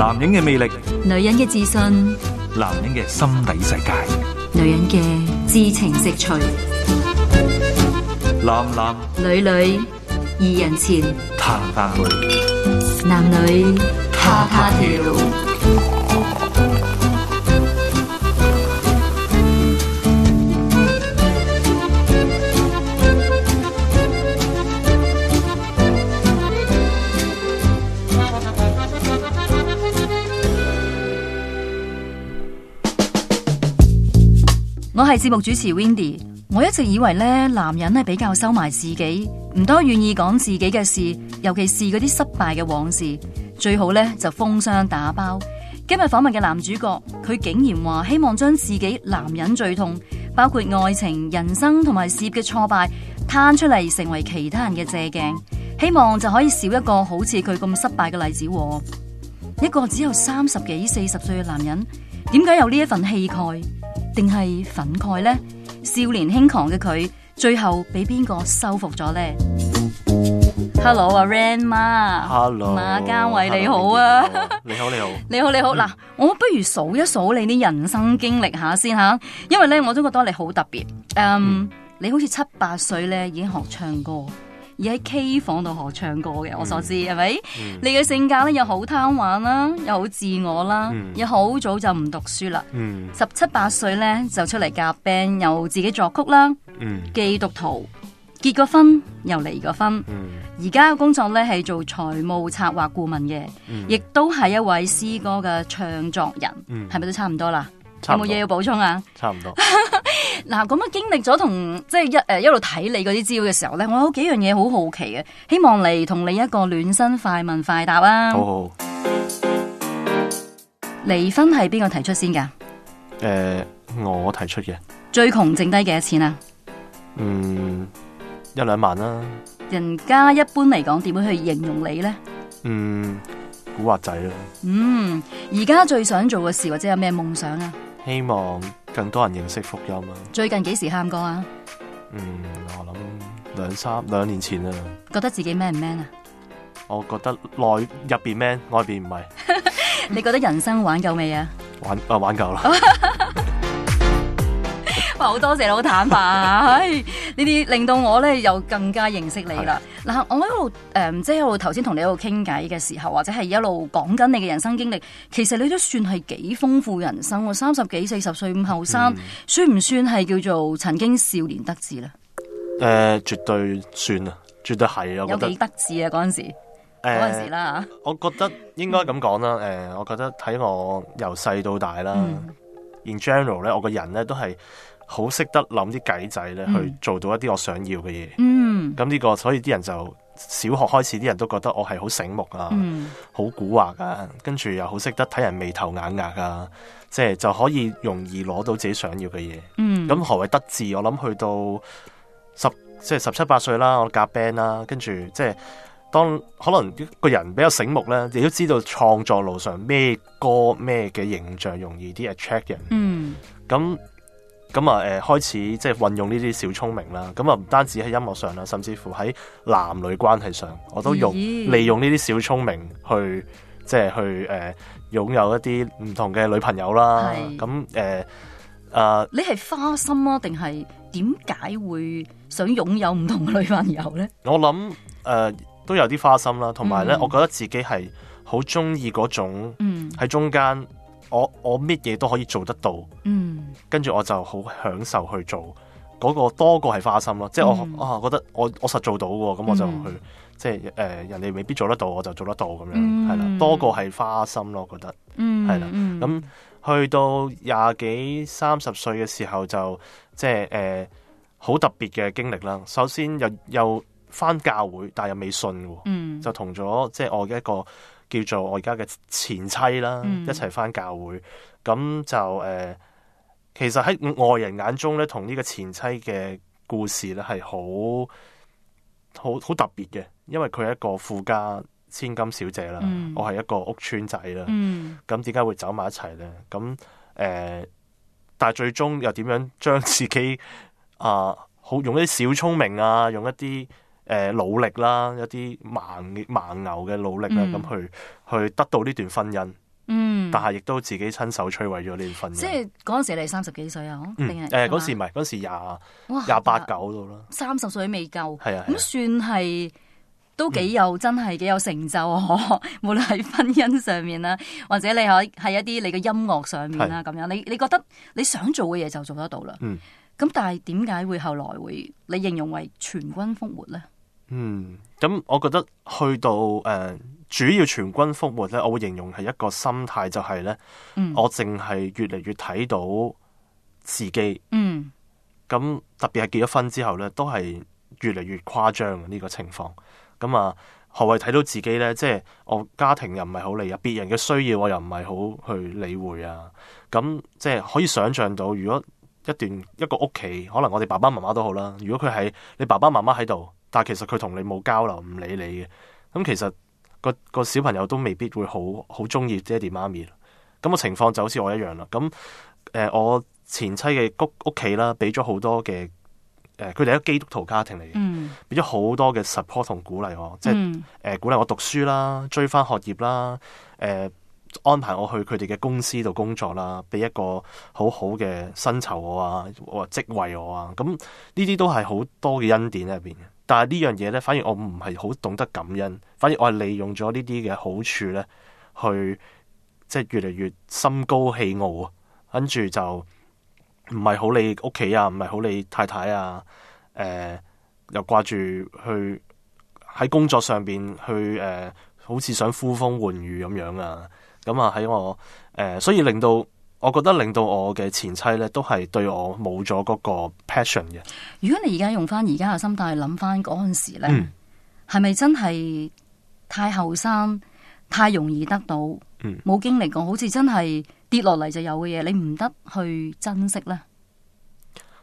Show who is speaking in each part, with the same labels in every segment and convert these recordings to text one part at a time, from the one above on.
Speaker 1: 男人嘅魅力，
Speaker 2: 女人嘅自信，
Speaker 1: 男人嘅心底世界，
Speaker 2: 女人嘅知情識趣，男男女女二人前
Speaker 1: 彈彈去，彈彈
Speaker 2: 男女他她調。女我係節目主持 Windy，我一直以為咧，男人咧比較收埋自己，唔多願意講自己嘅事，尤其是嗰啲失敗嘅往事，最好咧就封箱打包。今日訪問嘅男主角，佢竟然話希望將自己男人最痛，包括愛情、人生同埋事業嘅挫敗，攤出嚟成為其他人嘅借鏡，希望就可以少一個好似佢咁失敗嘅例子。一個只有三十幾、四十歲嘅男人，點解有呢一份氣概？定係憤慨咧？少年輕狂嘅佢，最後俾邊個收服咗咧？Hello，阿 Ren 媽，Hello，馬家偉 Hello, 你好啊！你好你好你好你好，嗱， 我不如數一數你啲人生經歷下先吓，因為咧我都覺得你好特別，um, 嗯，你好似七八歲咧已經學唱歌。而喺 K 房度學唱歌嘅，我所知係咪？你嘅性格咧又好貪玩啦，又好自我啦，又好早就唔讀書啦。十七八歲咧就出嚟夾 band，又自己作曲啦。基督徒結過婚，又離過婚。而家嘅工作咧係做財務策劃顧問嘅，亦都係一位詩歌嘅唱作人，係咪都差唔多啦？有冇嘢要補充啊？差唔多。嗱，咁樣經歷咗同即係一，誒一路睇你嗰啲資料嘅時候咧，我有幾樣嘢好好奇嘅，希望嚟同你一個暖身，快問快答啊！好，好，離婚係邊個提出先噶？
Speaker 1: 誒、呃，我提出嘅。
Speaker 2: 最窮剩低幾多錢啊？嗯，
Speaker 1: 一兩萬啦，啊。
Speaker 2: 人家一般嚟講點樣去形容你咧？
Speaker 1: 嗯，古惑仔啊。嗯，
Speaker 2: 而家最想做嘅事或者有咩夢想啊？
Speaker 1: 希望。更多人認識福音啊！
Speaker 2: 最近幾時喊過啊？嗯，
Speaker 1: 我諗兩三兩年前啊，
Speaker 2: 覺得自己 man 唔 man 啊？
Speaker 1: 我覺得內入邊 man，外邊唔係。
Speaker 2: 你覺得人生玩夠未啊？
Speaker 1: 玩啊玩夠啦！
Speaker 2: 好多謝你，好坦白。呢啲令到我咧又更加認識你啦。嗱，我一路，誒，即係一路頭先同你一路傾偈嘅時候，或者係一路講緊你嘅人生經歷，其實你都算係幾豐富人生。三十幾、四十歲咁後生，算唔算係叫做曾經少年得志
Speaker 1: 咧？誒，絕對算啊，絕對係啊，我覺得。有幾得
Speaker 2: 志啊嗰陣時，
Speaker 1: 嗰陣時啦。我覺得應該咁講啦。誒，我覺得睇我由細到大啦，in general 咧，我個人咧都係。好識得諗啲計仔咧，去做到一啲我想要嘅嘢。嗯，咁呢個所以啲人就，小學開始啲人都覺得我係好醒目啊，好古惑啊，跟住又好識得睇人眉頭眼額啊，即係就可以容易攞到自己想要嘅嘢。咁，嗯，何謂得志？我諗去到十即係十七八歲啦，我夾 band 啦，跟住即係當可能個人比較醒目咧，亦都知道創作路上咩歌咩嘅形象容易啲 attract 人。嗯，咁，嗯。咁啊，誒，開始即係運用呢啲小聰明啦。咁啊，唔單止喺音樂上啦，甚至乎喺男女關係上，我都用利用呢啲小聰明去，即、就、係、是、去誒，擁、呃、有一啲唔同嘅女朋友啦。咁誒是，啊，呃呃、
Speaker 2: 你係花心啊，定係點解會想擁有唔同嘅女朋友呢？
Speaker 1: 我諗誒、呃，都有啲花心啦、啊。同埋咧，嗯、我覺得自己係好中意嗰種，喺中間。我我咩嘢都可以做得到，嗯，跟住我就好享受去做嗰、嗰個多過係花心咯，即係我、嗯、啊我覺得我我實做到嘅，咁我就去、嗯、即係誒、呃、人哋未必做得到，我就做得到咁樣係啦、嗯，多過係花心咯，我覺得
Speaker 3: 嗯係啦，咁、嗯嗯、
Speaker 1: 去到廿幾三十歲嘅時候就即係誒好特別嘅經歷啦。首先又又返教會，但係又未信嘅，嗯、就同咗即係我嘅一個。叫做我而家嘅前妻啦，嗯、一齊返教會，咁就誒、呃，其實喺外人眼中咧，同呢個前妻嘅故事咧係好好好特別嘅，因為佢係一個富家千金小姐啦，嗯、我係一個屋邨仔啦，咁點解會走埋一齊咧？咁誒、呃，但係最終又點樣將自己啊，好、呃、用啲小聰明啊，用一啲。誒努力啦，一啲盲盲牛嘅努力啦，咁去去得到呢段婚姻。嗯，
Speaker 2: 但係
Speaker 1: 亦都自己親手摧毀咗呢段婚姻。即係嗰
Speaker 2: 陣時你三十幾歲啊？定係誒嗰時
Speaker 1: 唔係嗰時廿，廿八九到啦。
Speaker 2: 三十歲都未夠，係啊，咁算係都幾有真係幾有成就啊。無論喺婚姻上面啦，或者你可喺一啲你嘅音樂上面啦，咁樣你你覺得你想做嘅嘢就做得到啦。嗯，咁但係點解會後來會你形容為全軍覆沒咧？
Speaker 1: 嗯，咁我覺得去到誒、呃，主要全軍覆沒咧。我會形容係一個心態，就係咧，我淨係越嚟越睇到自己。
Speaker 3: 嗯，
Speaker 1: 咁、嗯嗯、特別係結咗婚之後咧，都係越嚟越誇張呢個情況。咁啊，何謂睇到自己咧？即、就、係、是、我家庭又唔係好理啊，別人嘅需要我又唔係好去理會啊。咁即係可以想象到，如果一段一個屋企，可能我哋爸爸媽媽都好啦。如果佢喺你爸爸媽媽喺度。但係其實佢同你冇交流，唔理你嘅咁、嗯。其實個個小朋友都未必會好好中意爹哋媽咪咁、嗯，那個情況就好似我一樣啦。咁、嗯、誒、呃，我前妻嘅屋企啦，俾咗好多嘅誒，佢哋係基督徒家庭嚟嘅，嗯，俾咗好多嘅 support 同鼓勵我，即係誒、呃、鼓勵我讀書啦，追翻學業啦，誒、呃、安排我去佢哋嘅公司度工作啦，俾一個好好嘅薪酬我啊，或職位我啊，咁呢啲都係好多嘅恩典喺入邊嘅。但係呢樣嘢咧，反而我唔係好懂得感恩，反而我係利用咗呢啲嘅好處咧，去即係越嚟越心高氣傲，跟住就唔係好理屋企啊，唔係好理太太啊，誒、呃、又掛住去喺工作上邊去誒、呃，好似想呼風喚雨咁樣啊，咁啊喺我誒、呃，所以令到。我覺得令到我嘅前妻咧，都係對我冇咗嗰個 passion 嘅。
Speaker 2: 如果你而家用翻而家嘅心態諗翻嗰陣時咧，係咪、嗯、真係太後生、太容易得到？冇、嗯、經歷過，好似真係跌落嚟就有嘅嘢，你唔得去珍惜咧。
Speaker 1: 誒、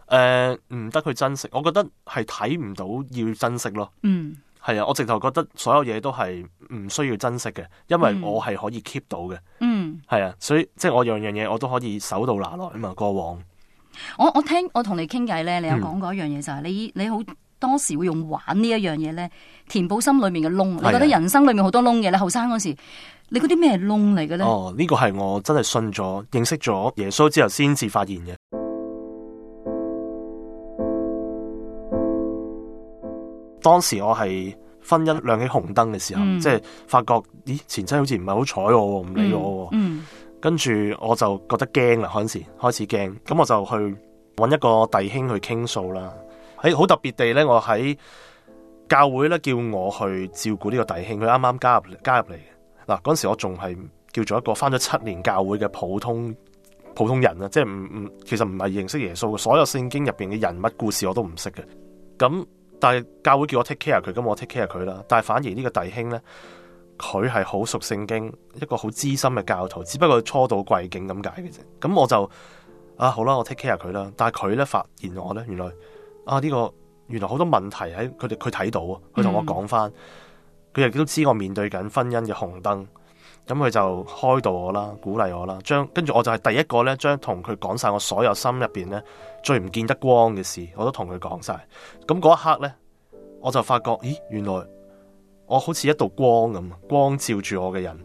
Speaker 1: 呃，唔得去珍惜，我覺得係睇唔到要珍惜咯。嗯，係啊，我直頭覺得所有嘢都係唔需要珍惜嘅，因為我係可以 keep 到嘅、嗯。嗯。係、mm. 啊，所以即係我樣樣嘢我都可以手到拿來啊嘛，過往。
Speaker 2: 我聽我聽我同你傾偈咧，你有講過一樣嘢就係、是，你你好多時會用玩呢一樣嘢咧，填補心裏面嘅窿。你覺得人生裏面好多窿嘅？咧是、啊，後生嗰時你嗰啲咩窿嚟嘅咧？哦，
Speaker 1: 呢、這個係我真係信咗，認識咗耶穌之後先至發現嘅。 當時我係。婚姻亮起紅燈嘅時候，嗯、即係發覺咦，前妻好似唔係好睬我，唔理我。嗯嗯、跟住我就覺得驚啦，嗰陣時開始驚。咁我就去揾一個弟兄去傾訴啦。喺好特別地咧，我喺教會咧叫我去照顧呢個弟兄，佢啱啱加入加入嚟嘅嗱。嗰陣時我仲係叫做一個返咗七年教會嘅普通普通人啊，即係唔唔，其實唔係認識耶穌嘅，所有聖經入邊嘅人物故事我都唔識嘅。咁但係教會叫我 take care 佢，咁我 take care 佢啦。但係反而呢個弟兄咧，佢係好熟聖經，一個好資深嘅教徒，只不過初到貴境咁解嘅啫。咁我就啊好啦，我 take care 佢啦。但係佢咧發現我咧，原來啊呢個原來好多問題喺佢哋佢睇到，佢同我講翻，佢亦都知我面對緊婚姻嘅紅燈，咁佢就開導我啦，鼓勵我啦，將跟住我就係第一個咧，將同佢講晒我所有心入邊咧。最唔見得光嘅事，我都同佢講晒。咁嗰一刻呢，我就發覺，咦，原來我好似一道光咁，光照住我嘅人，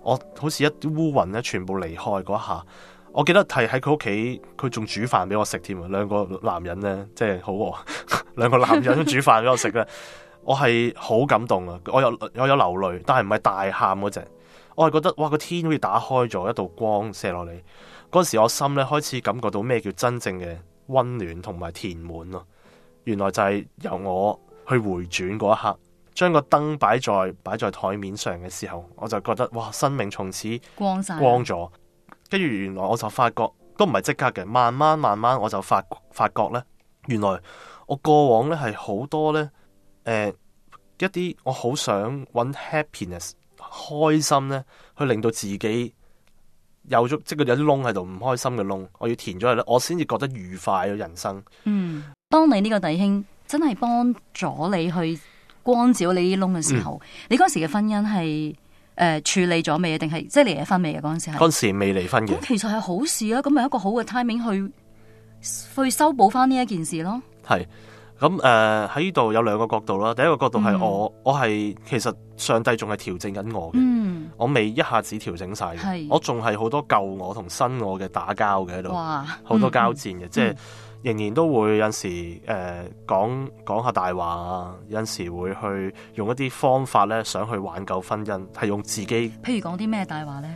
Speaker 1: 我好似一啲烏雲咧，全部離開嗰下。我記得係喺佢屋企，佢仲煮飯俾我食添。兩個男人呢，真係好喎， 兩個男人煮飯俾我食咧， 我係好感動啊！我有我有流淚，但係唔係大喊嗰隻，我係覺得哇，個天好似打開咗一道光射落嚟。嗰時我心咧開始感覺到咩叫真正嘅。溫暖同埋填滿咯，原來就係由我去回轉嗰一刻，將個燈擺在擺在台面上嘅時候，我就覺得哇，生命從此
Speaker 2: 光晒光咗。
Speaker 1: 跟住原來我就發覺都唔係即刻嘅，慢慢慢慢我就發發覺咧，原來我過往呢係好多呢，誒、呃、一啲我好想揾 happiness 開心呢，去令到自己。有咗即係佢有啲窿喺度，唔開心嘅窿，我要填咗佢咧，我先至覺得愉快嘅人生。
Speaker 2: 嗯，當你呢個弟兄真係幫咗你去光照你啲窿嘅時候，嗯、你嗰時嘅婚姻係誒、呃、處理咗未啊？定係即係離咗婚未啊？嗰陣時係嗰陣
Speaker 1: 時未離婚嘅。咁其
Speaker 2: 實係好事啊！咁咪一個好嘅 timing 去去修補翻呢一件事咯。
Speaker 1: 係咁誒，喺呢度有兩個角度啦。第一個角度係我，嗯、我係其實上帝仲係調整緊我嘅。嗯我未一下子調整晒，是我仲係好多舊我同新我嘅打交嘅喺度，好哇多交戰嘅，即係、嗯、仍然都會有時誒、呃、講講下大話啊，有時會去用一啲方法咧，想去挽救婚姻，係用自己。
Speaker 2: 譬如講啲咩大話咧？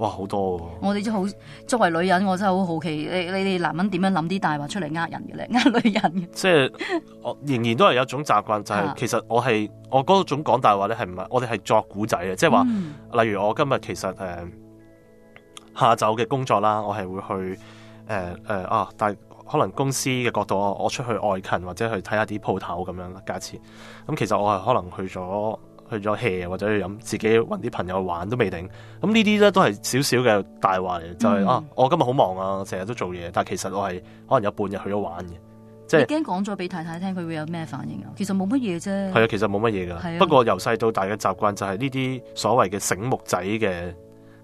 Speaker 1: 哇，好多喎、啊！
Speaker 2: 我哋都好，作為女人，我真係好好奇，你你哋男人點樣諗啲大話出嚟呃人嘅咧，呃女
Speaker 1: 人嘅？ 即係，我仍然都係有一種習慣，就係、是、其實我係我嗰種講大話咧，係唔係？我哋係作古仔嘅，即係話，例如我今日其實誒、呃、下晝嘅工作啦，我係會去誒誒、呃呃、啊，但係可能公司嘅角度，我我出去外勤或者去睇下啲鋪頭咁樣價錢。咁、嗯、其實我係可能去咗。去咗 h e 或者去飲，自己搵啲朋友玩都未定。咁呢啲咧都係少少嘅大話嚟，就係、是、嗯、啊，我今日好忙啊，成日都做嘢，但係其實我係可能有半日去咗玩嘅。
Speaker 2: 即係驚講咗俾太太聽，佢會有咩反應啊？其實冇乜嘢啫。係啊，
Speaker 1: 其實冇乜嘢噶。的不過由細到大嘅習慣就係呢啲所謂嘅醒目仔嘅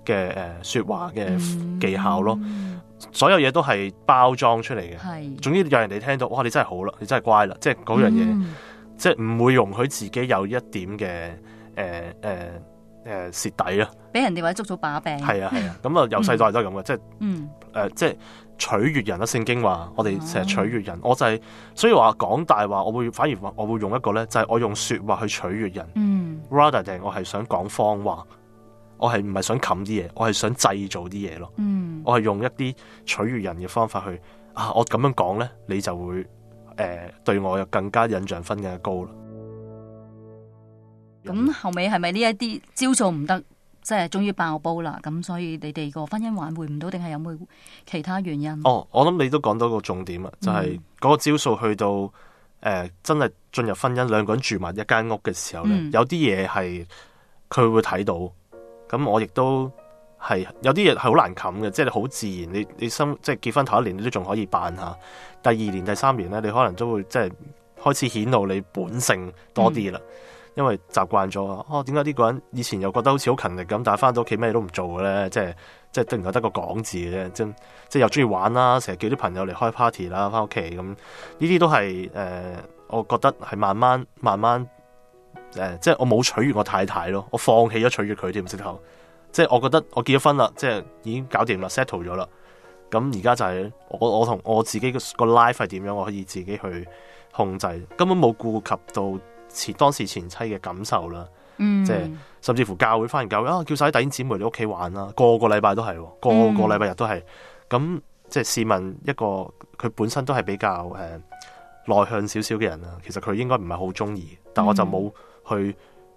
Speaker 1: 嘅誒說話嘅技巧咯。嗯嗯、所有嘢都係包裝出嚟嘅。係是。總之有人哋聽到哇，你真係好啦，你真係乖啦，即係嗰樣嘢。嗯即係唔會容許自己有一點嘅誒誒誒蝕底啊，
Speaker 2: 俾人哋或者捉咗把柄。係啊
Speaker 1: 係啊，咁啊由細到大都係咁嘅，即係，誒、嗯呃、即係取悅人啦。聖經話我哋成日取悅人，我就係、是、所以話講大話，我會反而話我會用一個咧，就係、是、我用說話去取悅人。嗯，rather than 我係想講謊話，我係唔係想冚啲嘢，我係想製造啲嘢咯。嗯，我係用一啲取悅人嘅方法去啊，我咁樣講咧，你就會。誒、呃，對我又更加印象分嘅高
Speaker 2: 啦。咁後尾係咪呢一啲招數唔得，即係終於爆煲啦？咁所以你哋個婚姻挽回唔到，定係有冇其他原因？哦，
Speaker 1: 我諗你都講到個重點啦，就係、是、嗰個招數去到誒、呃，真係進入婚姻兩個人住埋一間屋嘅時候咧，嗯、有啲嘢係佢會睇到。咁我亦都。係有啲嘢係好難冚嘅，即係你好自然，你你心即係結婚頭一年你都仲可以扮下，第二年、第三年咧，你可能都會即係開始顯露你本性多啲啦。嗯、因為習慣咗，哦點解呢個人以前又覺得好似好勤力咁，但係翻到屋企咩都唔做嘅咧？即係即係，定係得個講字嘅啫，即即又中意玩啦，成日叫啲朋友嚟開 party 啦，翻屋企咁，呢、嗯、啲都係誒、呃，我覺得係慢慢慢慢誒、呃，即係我冇取悅我太太咯，我放棄咗取悅佢添，最後。即係我覺得我結咗婚啦，即係已經搞掂啦，settle 咗啦。咁而家就係我我同我自己個 life 係點樣，我可以自己去控制，根本冇顧及到前當時前妻嘅感受啦。嗯、即係甚至乎教會翻嚟教會啊，叫晒啲弟兄姊妹嚟屋企玩啦。個個禮拜都係，個個禮拜日都係。咁、嗯、即係試問一個佢本身都係比較誒內向少少嘅人啦，其實佢應該唔係好中意，但我就冇去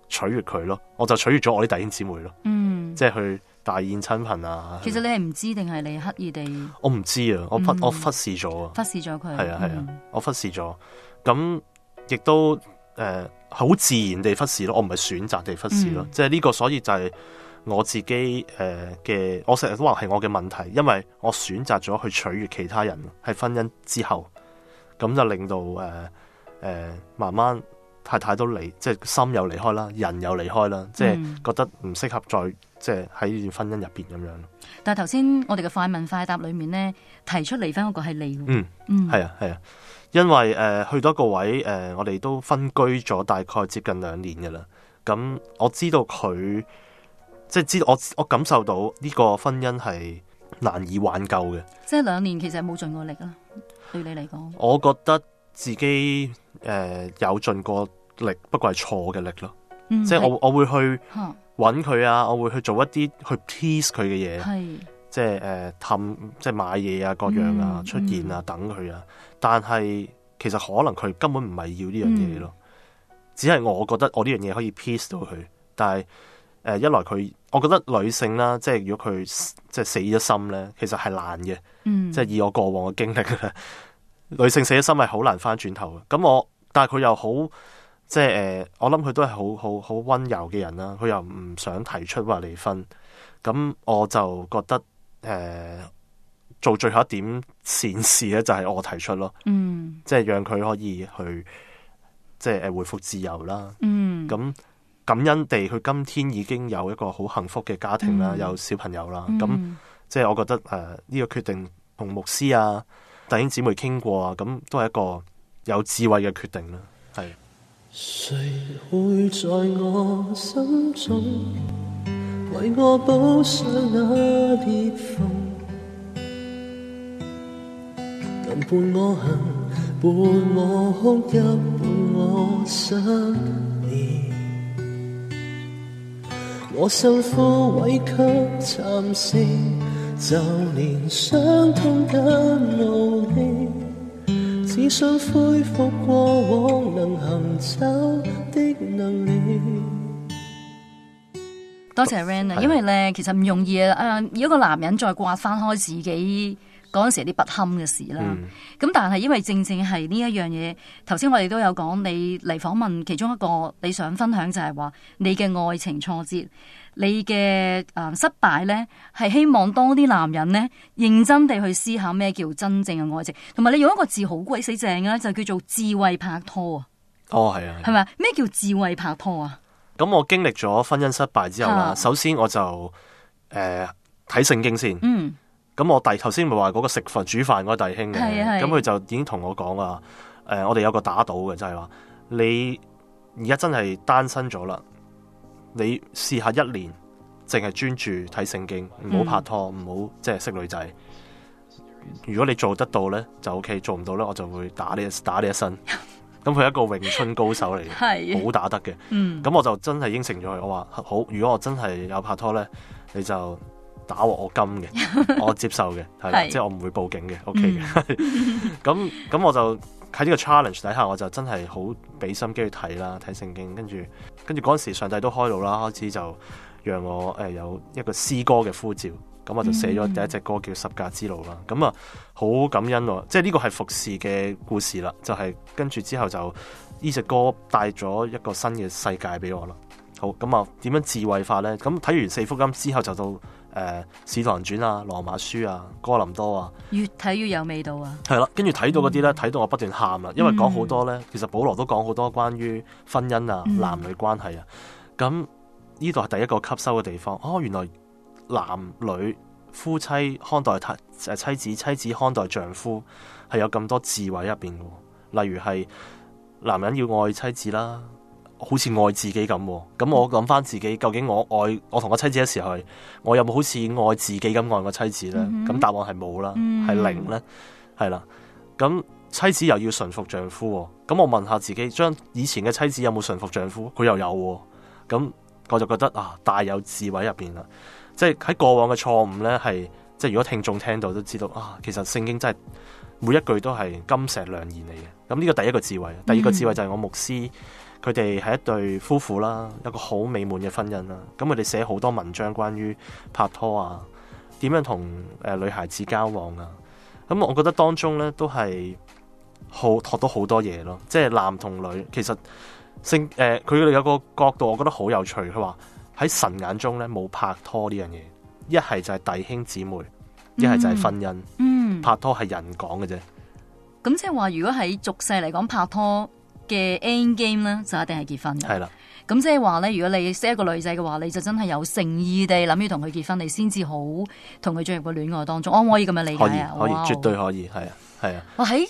Speaker 1: 取悅佢咯，我就取悅咗我啲弟兄姊妹咯。嗯即係去大宴親朋啊！其實你
Speaker 2: 係唔知定係你刻意地？
Speaker 1: 我唔知啊，我忽、嗯、我忽視咗啊，忽
Speaker 2: 視咗佢。係啊係啊，嗯、
Speaker 1: 我忽視咗。咁亦都誒，好、呃、自然地忽視咯。我唔係選擇地忽視咯。嗯、即係呢個，所以就係我自己誒嘅、呃。我成日都話係我嘅問題，因為我選擇咗去取悦其他人，係婚姻之後，咁就令到誒誒、呃呃、慢慢。係太多離，即係心又離開啦，人又離開啦、嗯，即係覺得唔適合再即係喺呢段婚姻入邊咁樣。
Speaker 2: 但係頭先我哋嘅快問快答裏面咧，提出離婚嗰個係你。嗯嗯，
Speaker 1: 係、嗯、啊係啊，因為誒、呃、去到一個位誒、呃，我哋都分居咗大概接近兩年噶啦。咁我知道佢即係知道我我感受到呢個婚姻係難以挽救嘅。
Speaker 2: 即係兩年其實冇盡過力啦，對你嚟講。
Speaker 1: 我覺得自己誒、呃、有盡過。力不過係錯嘅力咯，嗯、即係我我會去揾佢啊，我會去做一啲去 piece 佢嘅嘢，即係誒氹，即係買嘢啊，各樣啊，嗯、出現啊，等佢啊。但係其實可能佢根本唔係要呢樣嘢咯，嗯、只係我覺得我呢樣嘢可以 piece 到佢。但係誒、呃、一來佢，我覺得女性啦，即係如果佢即係死咗心咧，其實係難嘅，嗯、即係以我過往嘅經歷咧，女性死咗心係好難翻轉頭嘅。咁我但係佢又好。即係誒、呃，我諗佢都係好好好溫柔嘅人啦。佢又唔想提出話離婚，咁我就覺得誒、呃，做最後一點善事咧，就係我提出咯。嗯，即係讓佢可以去，即係誒、呃、回復自由啦。嗯，咁感恩地，佢今天已經有一個好幸福嘅家庭啦，嗯、有小朋友啦。咁、嗯、即係我覺得誒，呢、呃這個決定同牧師啊、弟兄姊妹傾過啊，咁都係一個有智慧嘅決定啦。係。
Speaker 4: 誰會在我心中為我補上那裂縫？能伴我行，伴我哭，亦伴我失眠。我心枯萎給蠶食，就連傷痛也努力。
Speaker 2: 多謝 Ren 因為咧其實唔容易啊！呃、一個男人再刮翻開自己嗰陣時啲不堪嘅事啦。咁、mm. 但係因為正正係呢一樣嘢，頭先我哋都有講，你嚟訪問其中一個你想分享就係話你嘅愛情挫折。你嘅誒失敗咧，係希望多啲男人咧，認真地去思考咩叫真正嘅愛情，同埋你用一個字好鬼死正嘅就叫做智慧拍拖
Speaker 1: 啊！哦，係啊，係咪
Speaker 2: 咩叫智慧拍拖啊？
Speaker 1: 咁我經歷咗婚姻失敗之後啦，首先我就誒睇聖經先。嗯，咁我第頭先咪話嗰個食飯煮飯嗰個弟兄嘅，咁佢就已經同我講啊，誒，我哋有個打賭嘅，就係話你而家真係單身咗啦。你試下一年淨係專注睇聖經，唔好拍拖，唔好即係識女仔。如果你做得到呢，就 O、OK, K，做唔到呢，我就會打你一打你一身。咁 佢一個詠春高手嚟嘅， 是好打得嘅。嗯，咁我就真係應承咗佢，我話好。如果我真係有拍拖呢，你就打我我金嘅，我接受嘅，係即係我唔會報警嘅，O K 嘅。咁、OK、咁、 嗯、 我就。喺呢個 challenge 底下，我就真係好俾心機去睇啦，睇聖經，跟住跟住嗰陣時上帝都開路啦，開始就讓我誒有一個詩歌嘅呼召，咁我就寫咗第一隻歌叫十架之路啦。咁啊好感恩，哦，即係呢個係服侍嘅故事啦。就係、是、跟住之後就呢隻歌帶咗一個新嘅世界俾我啦。好咁啊，點樣智慧化呢？咁睇完四福音之後就到。誒，呃《使徒行傳》啊，《羅馬書》啊，《哥林多》啊，
Speaker 2: 越睇越有味道啊！
Speaker 1: 係啦，跟住睇到嗰啲咧，睇、嗯、到我不斷喊啦，因為講好多咧，其實保羅都講好多關於婚姻啊、男女關係啊，咁呢度係第一個吸收嘅地方。哦，原來男女夫妻看待妻子，妻子看待丈夫，係有咁多智慧入邊嘅，例如係男人要愛妻子啦。好似愛自己咁，咁我諗翻自己，究竟我愛我同我妻子嘅時候，我又冇好似愛自己咁愛我妻子呢？咁、mm hmm. 答案係冇啦，係、mm hmm. 零呢？係啦。咁妻子又要順服、哦、服丈夫，咁我問下自己，將以前嘅妻子有冇順服丈夫？佢又有、哦，咁我就覺得啊，大有智慧入邊啦，即係喺過往嘅錯誤呢，係即係如果聽眾聽到都知道啊，其實聖經真係每一句都係金石良言嚟嘅。咁呢個第一個智慧，第二個智慧就係我牧師、mm。Hmm. 佢哋係一對夫婦啦，一個好美滿嘅婚姻啦。咁佢哋寫好多文章關於拍拖啊，點樣同誒女孩子交往啊。咁、嗯、我覺得當中咧都係好學到好多嘢咯。即係男同女其實性誒，佢、呃、哋有個角度我覺得好有趣。佢話喺神眼中咧冇拍拖呢樣嘢，一係就係弟兄姊妹，一係就係婚姻。嗯，拍拖係人講嘅啫。
Speaker 2: 咁即係話，如果喺俗世嚟講拍拖。嘅 end game 咧，就一定係結婚嘅。係啦，咁即係話咧，如果你識一個女仔嘅話，你就真係有誠意地諗要同佢結婚，你先至好同佢進入個戀愛當中。可唔可以咁樣理解啊？可以，可以，哇絕
Speaker 1: 對可以，係啊，係
Speaker 2: 啊。我喺現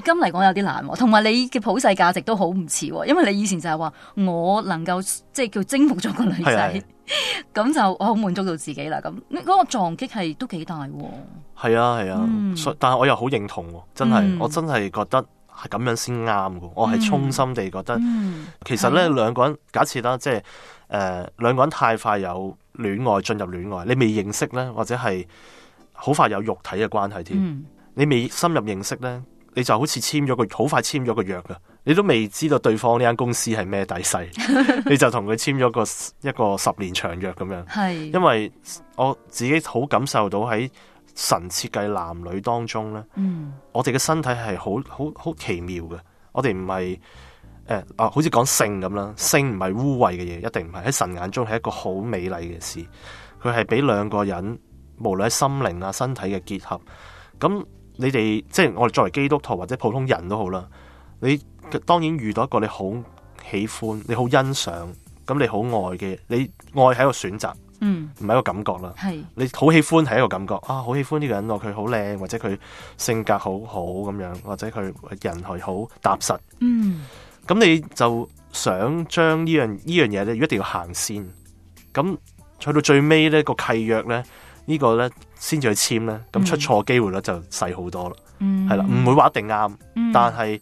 Speaker 2: 今嚟講有啲難，同埋你嘅普世價值都好唔似，因為你以前就係話我能夠即係叫征服咗個女仔，咁 就我好滿足到自己啦。咁嗰個撞擊係都幾大。
Speaker 1: 係啊，係啊，嗯、但係我又好認同，真係，我真係覺得。係咁樣先啱嘅，我係衷心地覺得，嗯嗯、其實呢是的 兩個人假設啦，即係誒兩個人太快有戀愛，進入戀愛，你未認識呢，或者係好快有肉體嘅關係添，嗯、你未深入認識呢，你就好似簽咗個好快簽咗個約㗎，你都未知道對方呢間公司係咩底細， 你就同佢簽咗個一個十年長約咁樣。係，是的 因為我自己好感受到喺。神設計男女當中呢、嗯，我哋嘅身體係好好好奇妙嘅。我哋唔係誒啊，好似講性咁啦，性唔係污穢嘅嘢，一定唔係。喺神眼中係一個好美麗嘅事。佢係俾兩個人，無論喺心靈啊、身體嘅結合。咁你哋即係我哋作為基督徒或者普通人都好啦。你當然遇到一個你好喜歡、你好欣賞、咁你好愛嘅，你愛係一個選擇。嗯，唔係一個感覺啦，係、嗯、你好喜歡係一個感覺是啊，好喜歡呢個人咯，佢好靚或者佢性格好好咁樣，或者佢人係好踏實。
Speaker 3: 嗯，
Speaker 1: 咁你就想將、這個這個、呢樣呢樣嘢咧，一定要行先。咁去到最尾呢、呢個契約咧，這個、呢個咧先至去簽咧，咁出錯機會咧就細好多、嗯、啦。
Speaker 3: 嗯，係啦，唔會話
Speaker 1: 一定啱，但係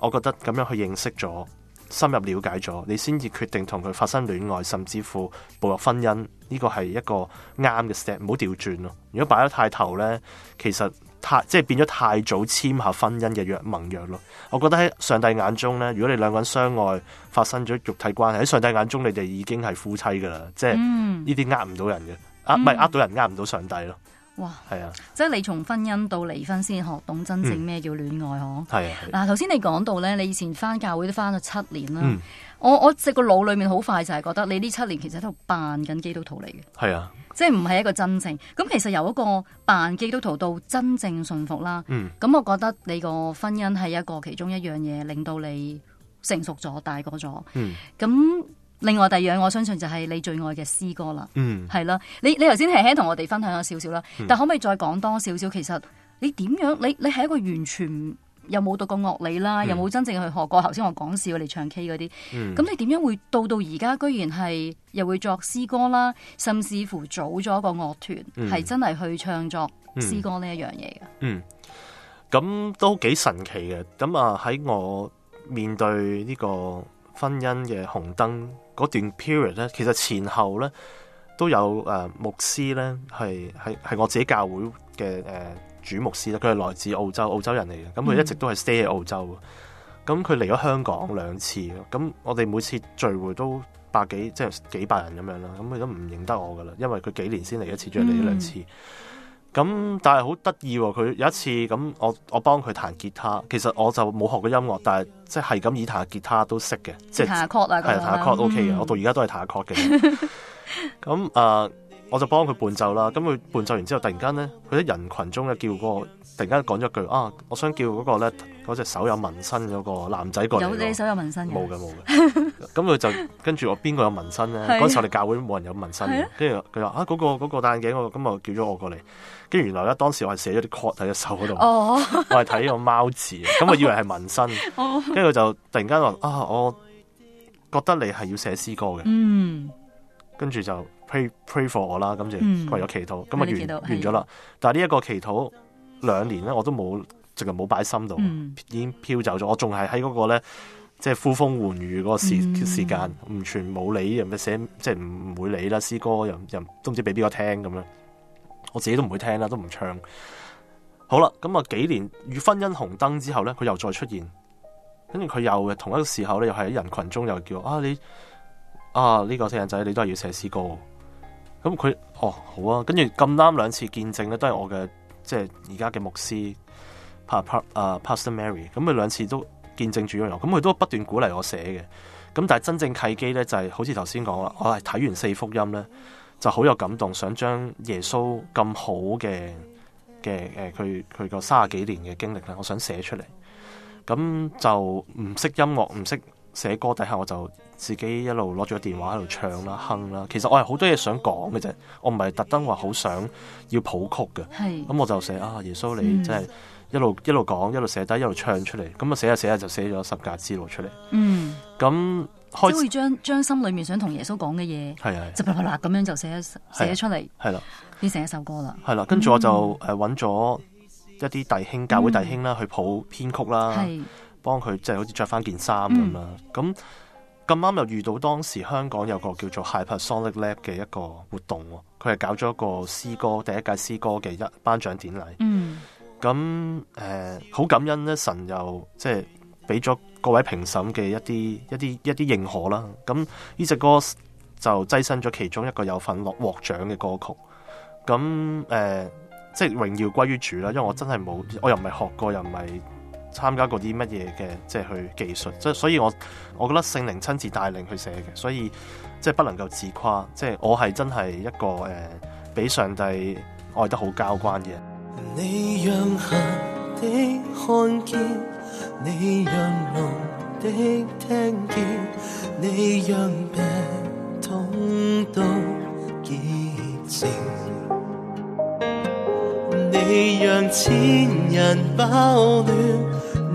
Speaker 1: 我覺得咁樣去認識咗。深入了解咗，你先至決定同佢發生戀愛，甚至乎步入婚姻，呢個係一個啱嘅 step，唔好調轉咯。如果擺得太頭呢，其實太即係變咗太早簽下婚姻嘅約盟約咯。我覺得喺上帝眼中呢，如果你兩個人相愛，發生咗肉體關係，喺上帝眼中你哋已經係夫妻㗎喇，即係呢啲呃唔到人嘅，呃唔係呃到人，呃唔到上帝咯。哇，
Speaker 2: 係啊！即係你從婚姻到離婚先學懂真正咩叫戀愛嗬。嗱、嗯，頭先吧、啊啊啊、你講到咧，你以前翻教會都翻咗七年啦、嗯。我我直個腦裏面好快就係覺得，你呢七年其實喺度扮緊基督徒嚟嘅。係啊，即係唔係一個真正。咁其實由一個扮基督徒到真正信服啦。咁、嗯、我覺得你個婚姻係一個其中一樣嘢，令到你成熟咗、大個咗。咁、嗯嗯另外第二樣，我相信就係你最愛嘅詩歌啦，嗯，係啦，你你頭先輕輕同我哋分享咗少少啦，嗯、但可唔可以再講多少少？其實你點樣？你你係一個完全又冇讀過樂理啦，又冇、嗯、真正去學過，頭先我講笑你唱 K 嗰啲。嗯，咁你點樣會到到而家居然係又會作詩歌啦，甚至乎組咗一個樂團，係、嗯、真係去唱作詩歌呢一樣嘢嘅。嗯，
Speaker 1: 咁都幾神奇嘅，咁啊喺我面對呢個婚姻嘅紅燈，嗰段 period 咧，其實前後咧都有誒牧師咧，係係係我自己教會嘅誒主牧師啦。佢係來自澳洲，澳洲人嚟嘅，咁佢一直都係 stay 喺澳洲。咁佢嚟咗香港兩次，咁我哋每次聚會都百幾，即係幾百人咁樣啦。咁佢都唔認得我㗎喇，因為佢幾年先嚟一次，再嚟一兩次。咁但係好得意，佢有一次咁，我我幫佢彈吉他，其實我就冇學過音樂，但係即係咁以彈吉他都識嘅，即係彈下 chord 啦，係彈下 chord OK 嘅，嗯、我到而家都係彈下 chord 嘅，咁啊。 Uh, 我就幫佢伴奏啦，咁佢伴奏完之後，突然間咧，佢喺人群中咧叫嗰個，突然間講咗句啊，我想叫嗰個咧，嗰隻手有紋身嗰個男仔過嚟。有你
Speaker 2: 手有紋身。冇嘅冇嘅，
Speaker 1: 咁佢 就跟住我邊個有紋身咧？嗰 時我哋教會冇人有紋身，跟住佢話啊嗰個嗰個戴眼鏡嗰個，咁就叫咗我過嚟。跟住原來咧，當時我係寫咗啲 quote 喺隻手嗰度， 我係睇個貓字，咁我以為係紋身，跟住佢就突然間話啊，我覺得你係要寫詩歌嘅，嗯、跟住就。pray pray for 我啦，咁就為咗祈禱，咁啊完完咗啦。但係呢一個祈禱兩年咧，我都冇，直頭冇擺喺心度，已經飄走咗。我仲係喺嗰個咧，即係呼風喚雨嗰個時、嗯、時間，完全冇理，又咪寫，即係唔唔會理啦。詩歌又又都唔知俾邊個聽咁樣，我自己都唔會聽啦，都唔唱。好啦，咁啊幾年與婚姻紅燈之後咧，佢又再出現，跟住佢又同一個時候咧，又係喺人群中又叫啊你啊呢、這個細仔，你都係要寫詩歌。咁佢哦好啊，跟住咁啱兩次見證咧，都係我嘅即係而家嘅牧師、啊、Pastor Mary，咁、嗯、佢兩次都見證住我，咁、嗯、佢都不斷鼓勵我寫嘅。咁、嗯、但係真正契機咧，就係、是、好似頭先講啦，我係睇完四福音咧，就好有感動，想將耶穌咁好嘅嘅誒，佢佢個三十幾年嘅經歷咧，我想寫出嚟。咁、嗯、就唔識音樂，唔識寫歌底下我就，自己一路攞住個電話喺度唱啦、哼啦，其實我係好多嘢想講嘅啫，我唔係特登話好想要譜曲嘅，咁我就寫啊，耶穌你真係一路一路講，一路寫低，一路唱出嚟，咁啊寫下寫下就寫咗十架之路出嚟，咁開始會將
Speaker 2: 將心裏面想同耶穌講嘅嘢，係咁樣就寫咗寫出嚟，係啦，變成一首歌啦，係
Speaker 1: 啦，跟住我就誒揾咗一啲弟兄教會弟兄啦去譜編曲啦，幫佢即係好似着翻件衫咁啊，咁。咁啱又遇到當時香港有個叫做 Hyper Sonic Lab 嘅一個活動，佢係搞咗一個詩歌第一屆詩歌嘅一頒獎典禮。嗯。咁誒好感恩咧，神又即係俾咗各位評審嘅一啲一啲一啲認可啦。咁呢隻歌就躋身咗其中一個有份獲獎嘅歌曲。咁誒、呃，即係榮耀歸於主啦，因為我真係冇，我又唔係學過，又唔係。參加過啲乜嘢嘅，即係去技術，即係所以我，我覺得聖靈親自帶領去寫嘅，所以即係不能夠自誇。即係我係真係一個誒、呃，比上帝愛得好交關嘅人。
Speaker 4: 你讓瞎的看見，你讓聾的聽見，你讓病痛都潔淨，你讓千人飽暖。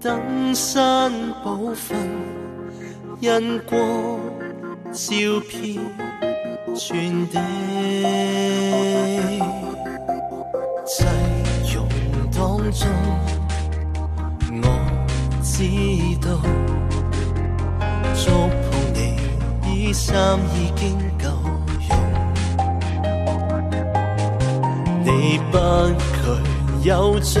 Speaker 4: 登山寶訓，因光照遍全地。擠擁當中，我知道觸碰你衣衫已經夠用，你不懼有罪。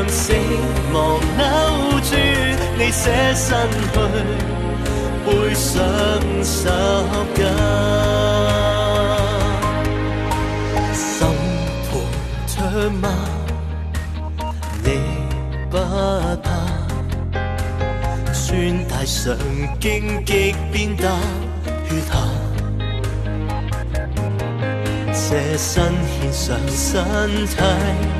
Speaker 4: 讓死亡扭轉你捨身去背上十架，心陪着嗎？你不怕？穿戴上荊棘便踏，血汗，捨身獻上身體。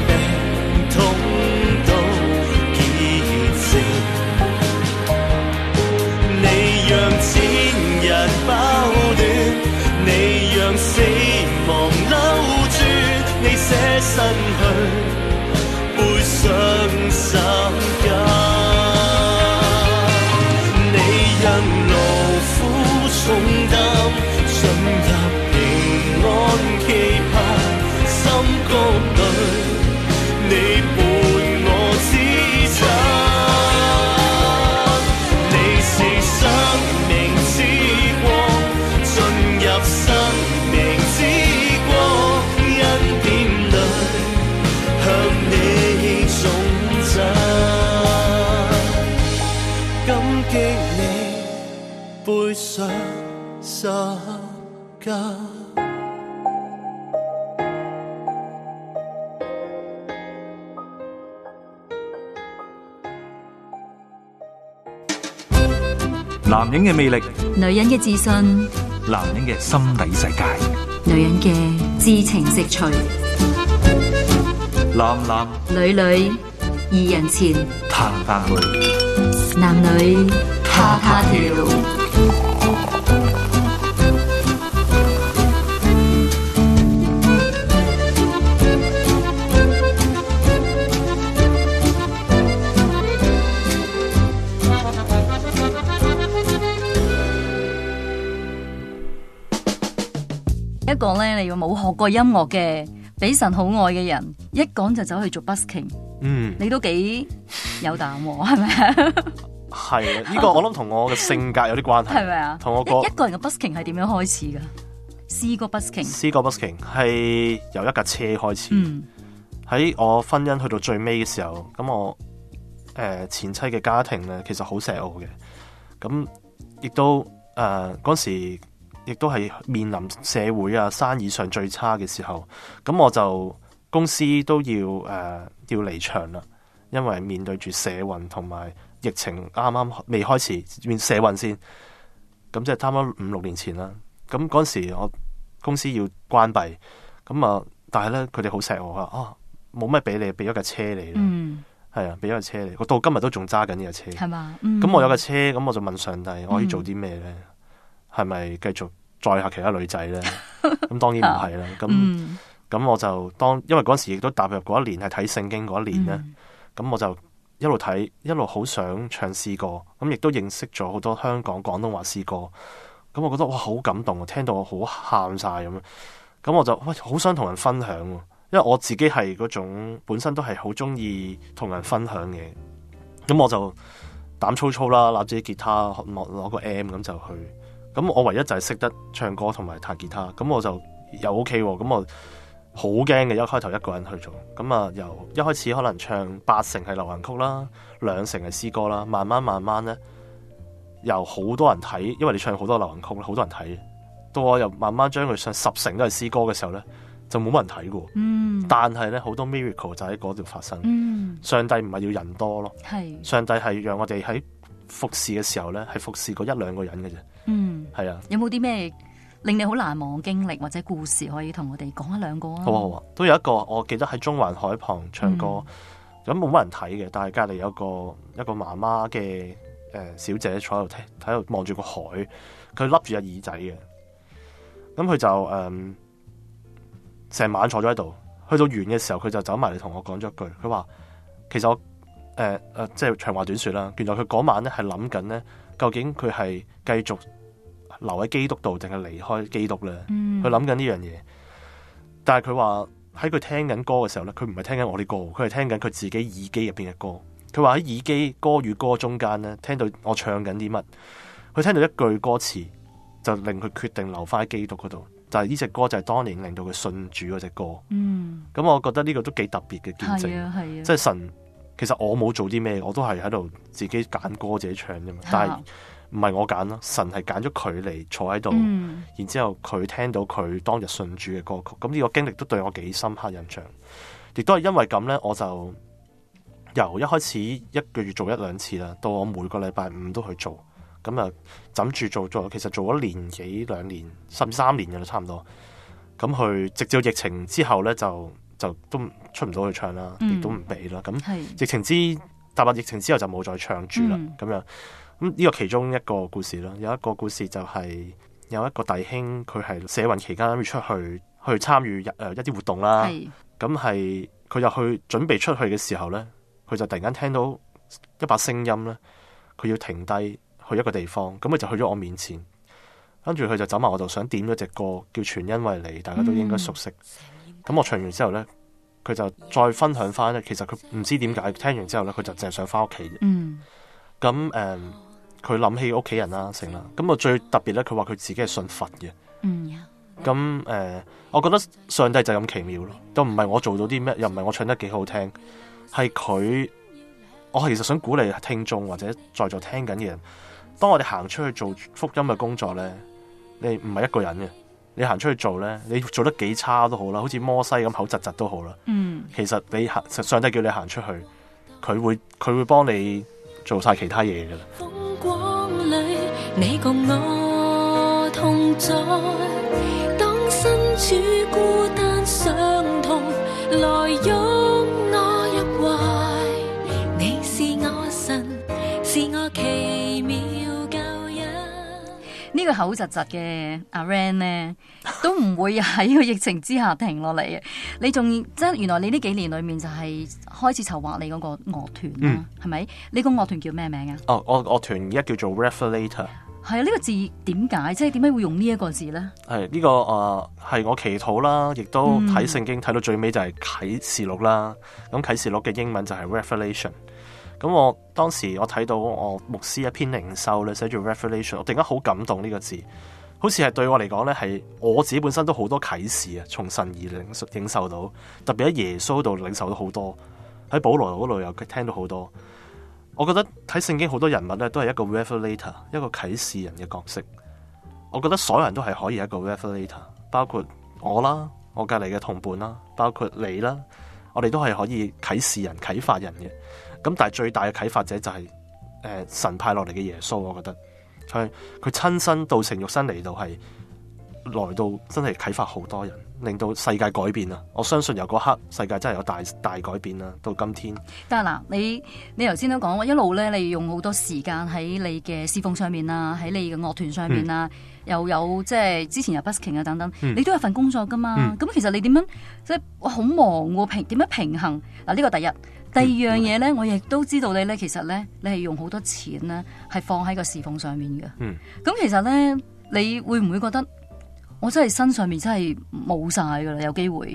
Speaker 1: 魅力，
Speaker 2: 女人嘅自信，
Speaker 1: 男人嘅心底世界，
Speaker 2: 女人嘅至情食趣，男男女女二人前
Speaker 1: 談談對，
Speaker 2: 男女他她調。一個咧，你要冇學過音樂嘅，俾神好愛嘅人，一講就走去做 busking，嗯，你都幾有膽喎，係咪
Speaker 1: 吧？係呢個我諗同我嘅性格有啲關係，係咪啊？同我講一
Speaker 2: 個人嘅 busking 係點樣開始噶？試過 busking，
Speaker 1: 試過 busking 係由一架車開始，喺、嗯、我婚姻去到最尾嘅時候，咁我誒、呃、前妻嘅家庭咧，其實好錫我嘅，咁亦都誒嗰、呃、時。亦都係面臨社會啊生意，上最差嘅時候，咁我就公司都要誒、呃、要離場啦，因為面對住社運同埋疫情啱啱未開始，面社運先，咁即係啱啱五六年前啦。咁嗰時我公司要關閉，咁、哦嗯、啊，但係咧佢哋好錫我，話啊冇咩俾你，俾咗架車你，係啊，俾咗架車你，我到今日都仲揸緊呢架車，係
Speaker 3: 嘛，咁、嗯、我有
Speaker 1: 架車，咁我就問上帝，我可以做啲咩咧？嗯係咪繼續載下其他女仔咧？咁當然唔係啦。咁咁我就當，因為嗰時亦都踏入嗰一年係睇聖經嗰一年咧。咁、嗯、我就一路睇，一路好想唱詩歌。咁亦都認識咗好多香港廣東話詩歌。咁我覺得哇，好感動啊！聽到我好喊晒咁樣。咁我就喂，好想同人分享，因為我自己係嗰種本身都係好中意同人分享嘅。咁我就膽粗粗啦，攞住啲吉他，攞攞個 M 咁就去。咁我唯一就係識得唱歌同埋彈吉他，咁我就又 O K 咁我好驚嘅。一開頭一個人去做咁啊，由一開始可能唱八成係流行曲啦，兩成係詩歌啦。慢慢慢慢咧，由好多人睇，因為你唱好多流行曲，好多人睇到我又慢慢將佢唱十成都係詩歌嘅時候咧，就冇乜人睇嘅。嗯，但係咧好多 miracle 就喺嗰度發生。嗯，上帝唔係要人多咯，係是上帝係讓我哋喺服侍嘅時候咧，係服侍過一兩個人嘅啫。係啊，
Speaker 2: 有冇啲咩令你好難忘嘅經歷或者故事可以同我哋講一兩個啊？好啊好啊，都
Speaker 1: 有一個我記得喺中環海旁唱歌，咁冇乜人睇嘅，但係隔籬有個一個媽媽嘅誒小姐坐喺度睇，喺度望住個海，佢笠住隻耳仔嘅，咁佢就誒成、呃、晚坐咗喺度，去到完嘅時候佢就走埋嚟同我講咗一句，佢話其實我誒誒、呃呃呃、即係長話短說啦，原來佢嗰晚咧係諗緊呢，究竟佢係繼續。留喺基督度，定係離開基督咧？佢諗緊呢樣嘢，但係佢話喺佢聽緊歌嘅時候咧，佢唔係聽緊我啲歌，佢係聽緊佢自己耳機入邊嘅歌。佢話喺耳機歌與歌中間咧，聽到我唱緊啲乜，佢聽到一句歌詞就令佢決定留翻喺基督嗰度。就係呢隻歌就係當年令到佢信主嗰隻歌。嗯，咁我覺得呢個都幾特別嘅見證。係啊，係啊。即係神，其實我冇做啲咩，我都係喺度自己揀歌自己唱啫嘛。但係。唔係我揀咯，神係揀咗佢嚟坐喺度，嗯、然之後佢聽到佢當日信主嘅歌曲，咁呢個經歷都對我幾深刻印象，亦都係因為咁呢，我就由一開始一個月做一兩次啦，到我每個禮拜五都去做，咁啊枕住做咗，其實做咗年幾兩年，甚至三年嘅啦，差唔多。咁去直至疫情之後呢，就就都出唔到去唱啦，亦、嗯、都唔俾啦。咁疫情之踏入疫情之後就冇再唱住啦，咁、嗯嗯、樣。咁呢個其中一個故事啦，有一個故事就係有一個弟兄，佢係社運期間要出去去參與誒、呃、一啲活動啦。咁係佢入去準備出去嘅時候呢，佢就突然間聽到一把聲音咧，佢要停低去一個地方，咁佢就去咗我面前，跟住佢就走埋，我就想點嗰隻歌叫《全因為你》，大家都應該熟悉。咁、嗯、我唱完之後呢，佢就再分享翻咧，其實佢唔知點解聽完之後呢，佢就淨係想翻屋企。
Speaker 3: 咁
Speaker 1: 誒、嗯。嗯嗯佢諗起屋企人啦，成啦，咁啊最特別咧，佢話佢自己係信佛嘅。嗯，咁 誒樂、呃，我覺得上帝就咁奇妙咯，都唔係我做到啲咩，又唔係我唱得幾好聽，係佢，我其實想鼓勵聽眾或者在座聽緊嘅人，當我哋行出去做福音嘅工作咧，你唔係一個人嘅，你行出去做咧，你做得幾差都好啦，好似摩西咁口窒窒都好啦。嗯，其實你行，上帝叫你行出去，佢會佢會幫你。做晒其他嘢㗎啦！風
Speaker 4: 光裏你共我同在，當身處孤單傷痛
Speaker 2: 來擁。呢個口窒窒嘅阿 Ren 咧，都唔會喺個疫情之下停落嚟嘅。你仲即係？原來你呢幾年裏面就係開始籌劃你嗰個樂團啦，係咪、嗯？你個樂團叫咩名啊？
Speaker 1: 哦，我樂團而家叫做 Revelator。
Speaker 2: 係啊、嗯、呢、這個字點解？即係點解會用呢一個字咧？
Speaker 1: 係呢、這個啊，係、呃、我祈禱啦，亦都睇聖經睇到最尾就係啟示錄啦。咁啟示錄嘅英文就係 Revelation。咁我當時我睇到我牧師一篇靈修咧寫住 revelation，我突然間好感動呢個字，好似係對我嚟講咧，係我自己本身都好多啟示啊，從神而領受到，特別喺耶穌嗰度領受到好多，喺保羅嗰度又聽到好多。我覺得睇聖經好多人物咧，都係一個 revelator，一個啟示人嘅角色。我覺得所有人都係可以一個 revelator，包括我啦，我隔籬嘅同伴啦，包括你啦，我哋都係可以啟示人、啟發人嘅。咁但係最大嘅啟發者就係、是、誒、呃、神派落嚟嘅耶穌，我覺得佢佢親身道成肉身嚟到係來到真係啟發好多人，令到世界改變啊！我相信由嗰刻世界真係有大大改變啦，到今天。
Speaker 2: 得啦，你你頭先都講話一路咧，你用好多時間喺你嘅侍奉上面啊，喺你嘅樂團上面啊，嗯、又有即係之前有 busking 啊等等，嗯、你都有份工作噶嘛？咁、嗯嗯、其實你點樣即係好忙喎？平點樣平衡嗱？呢、呢個第一。第二樣嘢咧，嗯、我亦都知道你咧，其實咧，你係用好多錢咧，係放喺個侍奉上面嘅。咁、嗯、其實咧，你會唔會覺得我真係身上面真係冇晒噶啦？有機會。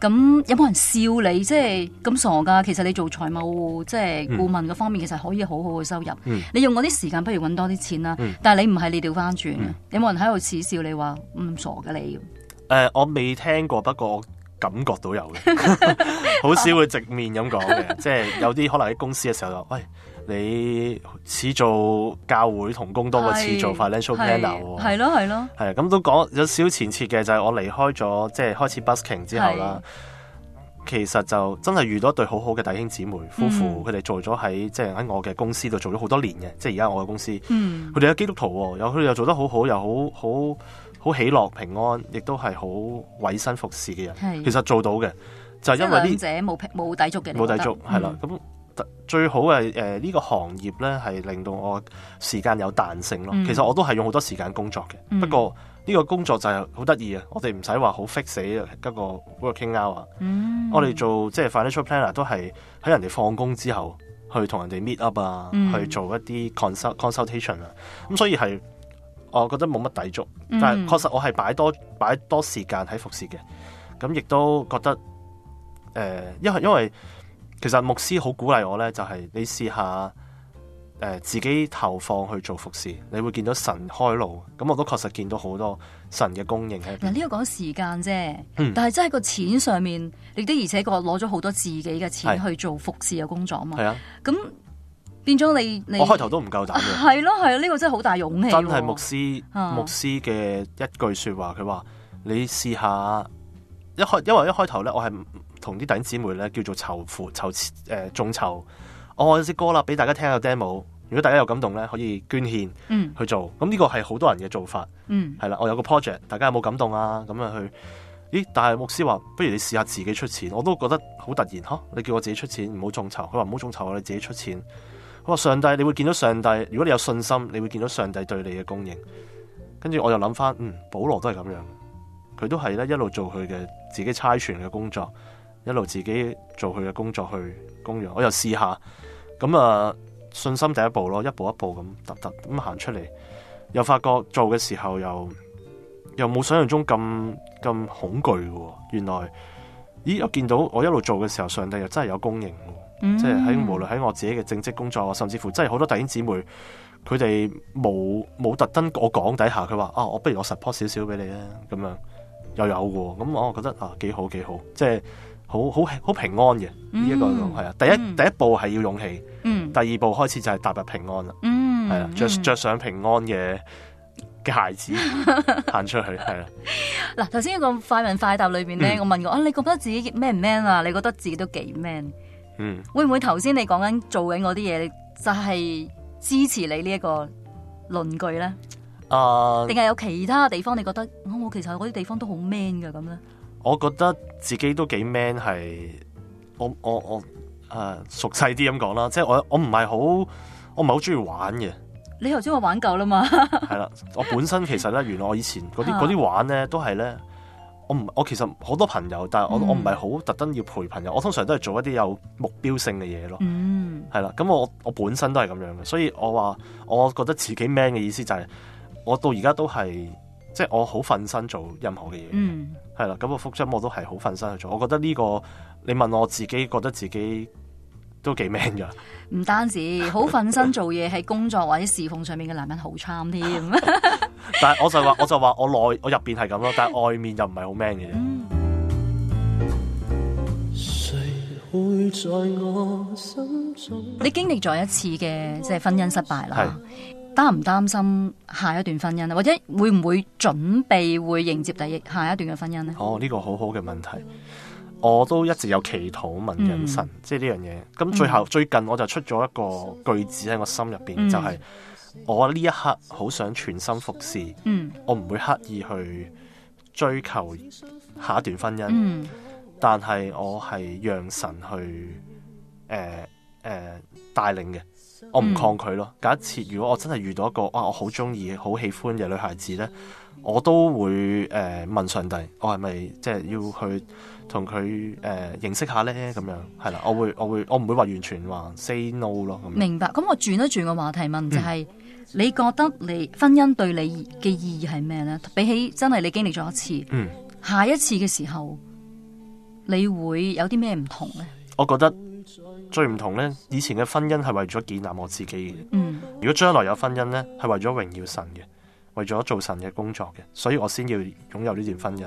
Speaker 2: 咁、嗯、有冇人笑你？即係咁傻噶？其實你做財務即係顧問嗰方面，其實可以好好嘅收入。嗯、你用嗰啲時間，不如搵多啲錢啦。嗯、但係你唔係你調翻轉，有冇人喺度恥笑你話唔傻嘅你？誒、
Speaker 1: 呃，我未聽過，不過感覺到有嘅。 好 少會直面咁講嘅，即係有啲可能喺公司嘅時候就，喂，你似做教會同工多過似做 financial planner 喎。係咯，係咯、哦。係啊，咁都講有少前設嘅，就係我離開咗，即係開始 busking 之後啦。是其實就真係遇到對好好嘅弟兄姊妹夫婦，佢哋、嗯、做咗喺即係喺我嘅公司度做咗好多年嘅，即係而家我嘅公司。佢哋係基督徒喎、哦，又佢哋又做得好好，又好好好喜樂平安，亦都係好委身服侍嘅人。其實做到嘅。就因為呢者
Speaker 2: 冇平冇抵觸嘅，冇抵觸係啦。咁、嗯、
Speaker 1: 最好係誒呢個行業咧，係令到我時間有彈性咯。嗯、其實我都係用好多時間工作嘅。嗯、不過呢個工作就係好得意啊！我哋唔使話好 fix 死一個 working hour 啊、嗯。我哋做即係 financial planner 都係喺人哋放工之後去同人哋 meet up 啊，嗯、去做一啲 consult consultation 啊。咁、嗯、所以係我覺得冇乜抵觸，但係確實我係擺多擺多時間喺服侍嘅。咁亦都覺得。誒、呃，因為因為其實牧師好鼓勵我咧，就係、是、你試下誒自己投放去做服侍，你會見到神開路。咁我都確實見到好多神嘅供應喺入
Speaker 2: 面。嗱，呢個講時間啫，但係真係個錢上面，你的而且確攞咗好多自己嘅錢去做服侍嘅工作啊嘛。係啊，咁變咗你你，你我開頭
Speaker 1: 都唔夠膽嘅。係
Speaker 2: 咯，係啊，呢、啊啊這個真係好大勇氣、啊。真係牧
Speaker 1: 師、啊、牧師嘅一句說話，佢話你試下一開，因為一開頭咧，我係。同啲弟姊妹咧叫做籌款籌誒眾籌，我、呃哦、有支歌啦，俾大家聽下 demo。如果大家有感動咧，可以捐獻，去做。咁呢個係好多人嘅做法，嗯，係啦。我有個 project，大家有冇感動啊？咁啊去，咦？但係牧師話，不如你試下自己出錢。我都覺得好突然吓，你叫我自己出錢，唔好眾籌。佢話唔好眾籌，你自己出錢。佢話上帝，你會見到上帝。如果你有信心，你會見到上帝對你嘅供應。跟住我又諗翻，嗯，保羅都係咁樣，佢都係咧一路做佢嘅自己差傳嘅工作，一路自己做佢嘅工作去供養，我又試下，咁、嗯、啊信心第一步咯，一步一步咁突突咁行出嚟，又發覺做嘅時候又又冇想像中咁咁恐懼喎、哦，原來咦我見到我一路做嘅時候，上帝又真係有供應嘅。嗯
Speaker 3: 嗯即係喺無論喺
Speaker 1: 我自己嘅正職工作，甚至乎真係好多弟兄姊妹，佢哋冇冇特登我講底下，佢話啊我不如我 support 少少俾你咧，咁樣又有喎，咁、嗯、我覺得啊幾好幾好，幾好，即係。即好好好平安嘅呢、嗯、一個係啊，第一、嗯、第一步係要勇氣，嗯、第二步開始就係踏入平安啦，係啦，着着上平安嘅嘅鞋子行 出去，係
Speaker 2: 啦。嗱，頭先一個快問快答裏邊咧，嗯、我問過啊，你覺得自己 man 唔 man 啊？你覺得自己都幾 man？嗯，會唔會頭先你講緊做緊嗰啲嘢，就係、是、支持你論呢一個論據咧？
Speaker 1: 啊，定係
Speaker 2: 有其他地方你覺得、啊、其我其實我啲地方都好 man 噶咁咧？
Speaker 1: 我覺得自己都幾 man，係我我我誒、啊、熟細啲咁講啦，即係我我唔係好我唔係好鍾意玩嘅。
Speaker 2: 你頭先話玩夠啦嘛？係
Speaker 1: 啦，我本身其實咧，原來我以前嗰啲嗰啲玩咧都係咧，我唔我其實好多朋友，但係我、嗯、我唔係好特登要陪朋友，我通常都係做一啲有目標性嘅嘢咯。嗯，係啦，咁我我本身都係咁樣嘅，所以我話我覺得自己 man 嘅意思就係、是、我到而家都係即係我好瞓身做任何嘅嘢。嗯係啦，咁個付出我都係好奮身去做，我覺得呢、這個你問我自己，覺得自己都幾 man 噶。唔
Speaker 2: 單止好奮身做嘢喺 工作或者侍奉上面嘅男人好慘添。
Speaker 1: 但係我就話，我就話我內我入邊係咁咯，但係外面又唔係好 man
Speaker 2: 嘅。你經歷咗一次嘅即係婚姻失敗啦。擔唔擔心下一段婚姻咧？或者會唔會準備會迎接第一下一段嘅婚姻呢？哦，呢、這
Speaker 1: 個好好嘅問題，我都一直有祈禱問緊神，嗯、即係呢樣嘢。咁最後、嗯、最近我就出咗一個句子喺我心入邊，嗯、就係我呢一刻好想全心服侍，嗯，我唔會刻意去追求下一段婚姻，嗯、但係我係讓神去，誒誒帶領嘅。我唔抗拒咯。假設如果我真係遇到一個哇、啊，我好中意、好喜歡嘅女孩子呢，我都會誒、呃、問上帝我是是，我係咪即係要去同佢誒認識下呢？咁樣係啦，我會我會我唔會話完全話 say no
Speaker 2: 咯。明白。咁我轉一轉個話題問，問就係、是嗯、你覺得你婚姻對你嘅意義係咩呢？比起真係你經歷咗一次，嗯、下一次嘅時候你會有啲咩唔同呢？
Speaker 1: 我覺得。最唔同呢，以前嘅婚姻係為咗建立我自己嘅。嗯、如果將來有婚姻呢，係為咗榮耀神嘅，為咗做神嘅工作嘅，所以我先要擁有呢段婚姻。